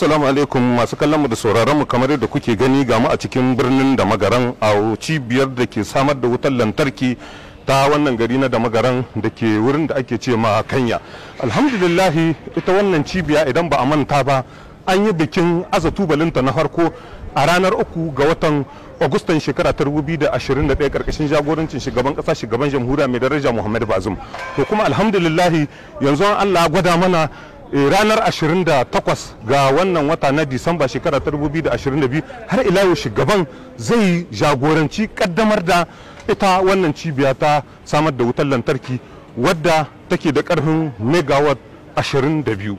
Assalamu alaikum masu kallon mu da sauraron mu kamar yadda kuke gani ga mu a cikin birnin da magaran a cibiyar da ke samar da wutar lantarki ta wannan gari na damagaran magaran da ke wurin da ake ce ma kanya alhamdulillahi ita wannan cibiya idan ba a manta ba an yi bikin aza tubalinta na farko a ranar uku ga watan agustan shekara ta 2021 karkashin jagorancin shugaban kasa shugaban jamhuriya mai daraja muhammad bazum to kuma alhamdulillahi yanzu an allah gwada mana Eh, ranar 28 ga wannan wata na disamba shekara 2022 har ila yau shugaban zai jagoranci kaddamar da ita wannan cibiya ta samar da wutar lantarki wadda take da karfin megawatt 22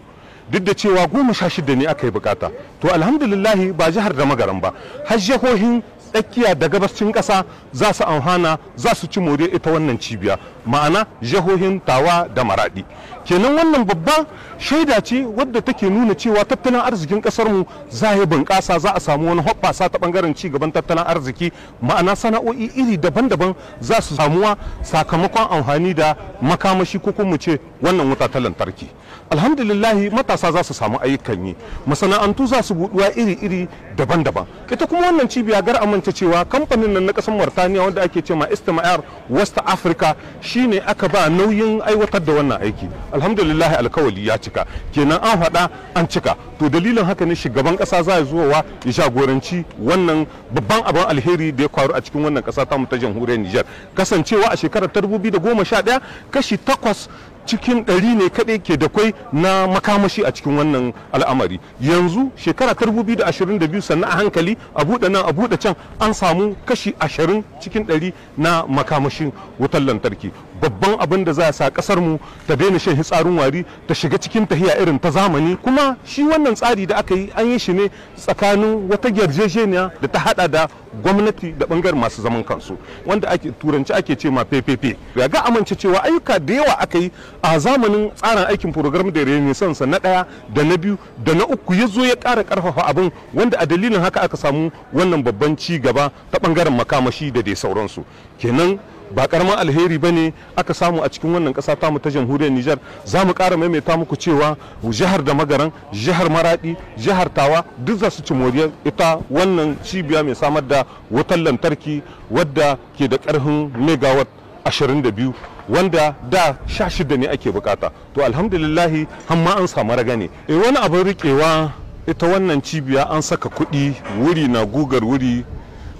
duk da cewa goma sha shida ne aka yi bukata to alhamdulillahi ba jihar da magaran ba har jihohin tsakiya da gabascin ƙasa za su amhana za su ci more ita wannan cibiya ma'ana jihohin tawa da maradi kenan wannan babban shaida ce wadda take nuna cewa tattalin arzikin kasarmu za a yi bunƙasa za a samu wani hoɓɓasa ta ɓangaren ci gaban tattalin arziki ma'ana sana'o'i iri daban-daban za su samuwa sakamakon amfani da makamashi ko kuma ce wannan wuta ta lantarki alhamdulillah matasa za su samu ayyukan yi masana'antu za su buɗuwa iri-iri daban-daban ita kuma wannan cibiya gar amince cewa kamfanin nan na ƙasar martaniya wanda ake cewa ma istima'ar west africa Shi ne aka ba nauyin aiwatar da wannan aiki alhamdulillah alkawali ya cika kenan an faɗa an cika to dalilin haka ne shugaban ƙasa za ya zuwa ya jagoranci wannan babban abin alheri da ya faru a cikin wannan ƙasa ta mu ta jamhuriyar Nijar kasancewa a shekarar 2011 kashi takwas cikin ɗari ne kaɗai ke da kwai na makamashi a cikin wannan al'amari yanzu shekara ta 2022 sannan a hankali a buɗe nan a buɗe can an samu kashi ashirin cikin ɗari na makamashin wutar lantarki babban abin da za a sa ƙasar mu ta daina shan hitsarin wari ta shiga cikin tahiya irin ta zamani kuma shi wannan tsari da aka yi an yi shi ne tsakanin wata yarjejeniya da ta haɗa da gwamnati da bangaren masu zaman kansu wanda ake turanci ake ce ma ppp ya ga amince cewa ayyuka da yawa aka yi a zamanin tsarin aikin program da renaissance na daya da na biyu da na uku ya zo ya kara karfafa abin wanda a dalilin haka aka samu wannan babban ci gaba ta bangaren makamashi da dai sauransu kenan ba karamin alheri ba ne aka samu a cikin wannan ƙasa tamu ta jamhuriyar nijar za mu ƙara maimaita muku cewa jihar da magaran jihar maraɗi jihar tawa duk za su ci moriyar ita wannan cibiya mai samar da wutar lantarki wadda ke da ƙarfin megawatt 22 wanda da sha shida ne ake bukata to alhamdulillahi hamma an samu raga ne e wani abin rikewa ita wannan cibiya an saka kuɗi wuri na gugar wuri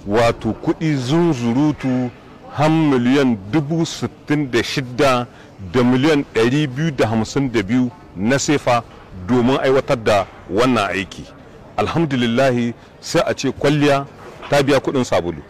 wato kuɗi zunzurutu har miliyan dubu sittin da shidda da miliyan ɗari biyu da hamsin da biyu na sefa domin aiwatar da wannan aiki alhamdulillahi sai a ce kwalliya ta biya kuɗin sabulu